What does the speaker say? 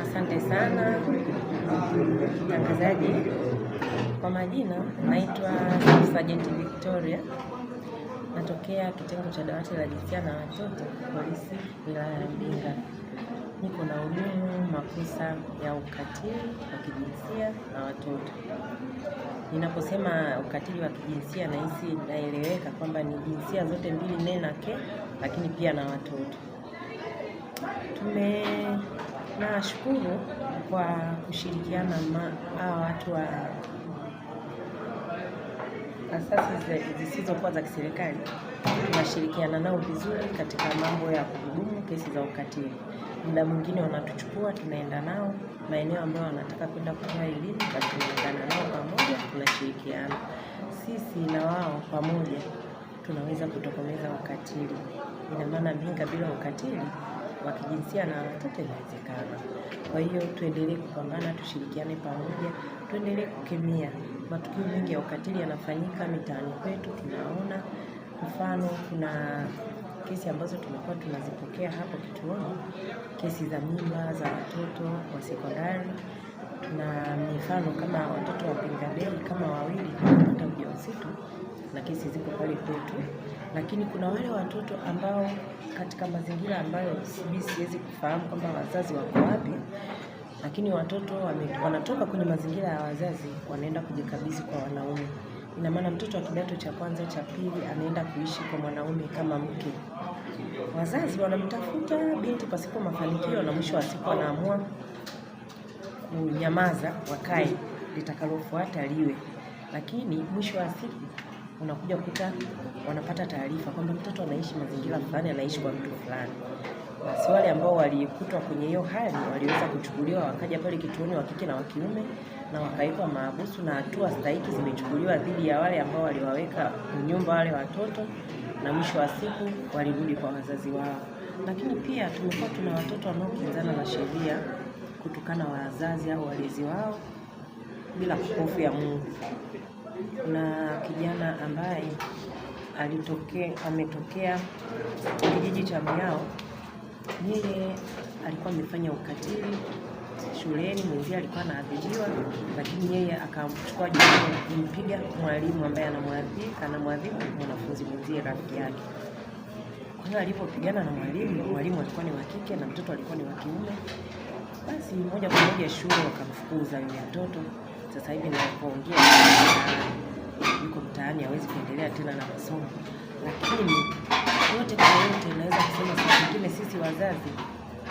Asante sana mtangazaji. Kwa majina naitwa Sergeant Victoria, natokea kitengo cha dawati la jinsia na watoto polisi wilaya ya Mbinga. Niko na hudumu makosa ya ukatili wa kijinsia na watoto. Ninaposema ukatili wa kijinsia, nahisi naeleweka kwamba ni jinsia zote mbili, nena ke, lakini pia na watoto tume nashukuru kwa kushirikiana hawa watu wa asasi zisizokuwa za kiserikali, tunashirikiana nao vizuri katika mambo ya kuhudumu kesi za ukatili. Muda mwingine wanatuchukua, tunaenda nao maeneo ambayo wanataka kwenda kutoa elimu, basi tunaungana nao pamoja, tunashirikiana sisi na wao pamoja, tunaweza kutokomeza ukatili. Ina maana Binga bila ukatili wa kijinsia na watoto inawezekana. Kwa hiyo tuendelee kupambana, tushirikiane pamoja, tuendelee kukemea. Matukio mengi ya ukatili yanafanyika mitaani kwetu, tunaona mfano, kuna kesi ambazo tumekuwa tunazipokea hapo kituoni, kesi za mimba za watoto wa sekondari na mifano kama watoto wa Pingadei kama wawili wanapata ujauzito na kesi ziko pale kwetu, lakini kuna wale watoto ambao katika mazingira ambayo mimi siwezi kufahamu kwamba wazazi wako wapi, lakini watoto wanatoka kwenye mazingira ya wazazi wanaenda kujikabidhi kwa wanaume. Ina maana mtoto wa kidato cha kwanza cha pili anaenda kuishi kwa mwanaume kama mke. Wazazi wanamtafuta binti pasipo mafanikio, na mwisho wa siku anaamua kunyamaza, wakae, litakalofuata liwe. Lakini mwisho wa siku unakuja kuta wanapata taarifa kwamba mtoto anaishi mazingira fulani, anaishi kwa mtu fulani. Basi wale ambao walikutwa kwenye hiyo hali waliweza kuchukuliwa, wakaja pale kituoni, wa kike na wa kiume, na wakawekwa mahabusu, na hatua stahiki zimechukuliwa dhidi ya wale ambao waliwaweka nyumba wale watoto, na mwisho wa siku walirudi kwa wazazi wao. Lakini pia tumekuwa tuna watoto wanaokinzana na sheria kutokana wazazi au walezi wao bila hofu ya Mungu. Na kijana ambaye alitokea ametokea kijiji cha Miao, yeye alikuwa amefanya ukatili shuleni, mwenzie alikuwa anaadhibiwa, lakini yeye akamchukua jukumu kumpiga mwalimu ambaye anamwadhibu anamwadhibu mwanafunzi mwenzie rafiki yake. Kwa hiyo alipopigana na mwalimu, mwalimu alikuwa ni wa kike na mtoto alikuwa ni wa kiume. Basi moja kwa moja shule wakamfukuza yule mtoto. Sasa hivi ninapoongea yuko mtaani, hawezi kuendelea tena na masomo, lakini yote kwa yote, naweza kusema saa nyingine sisi wazazi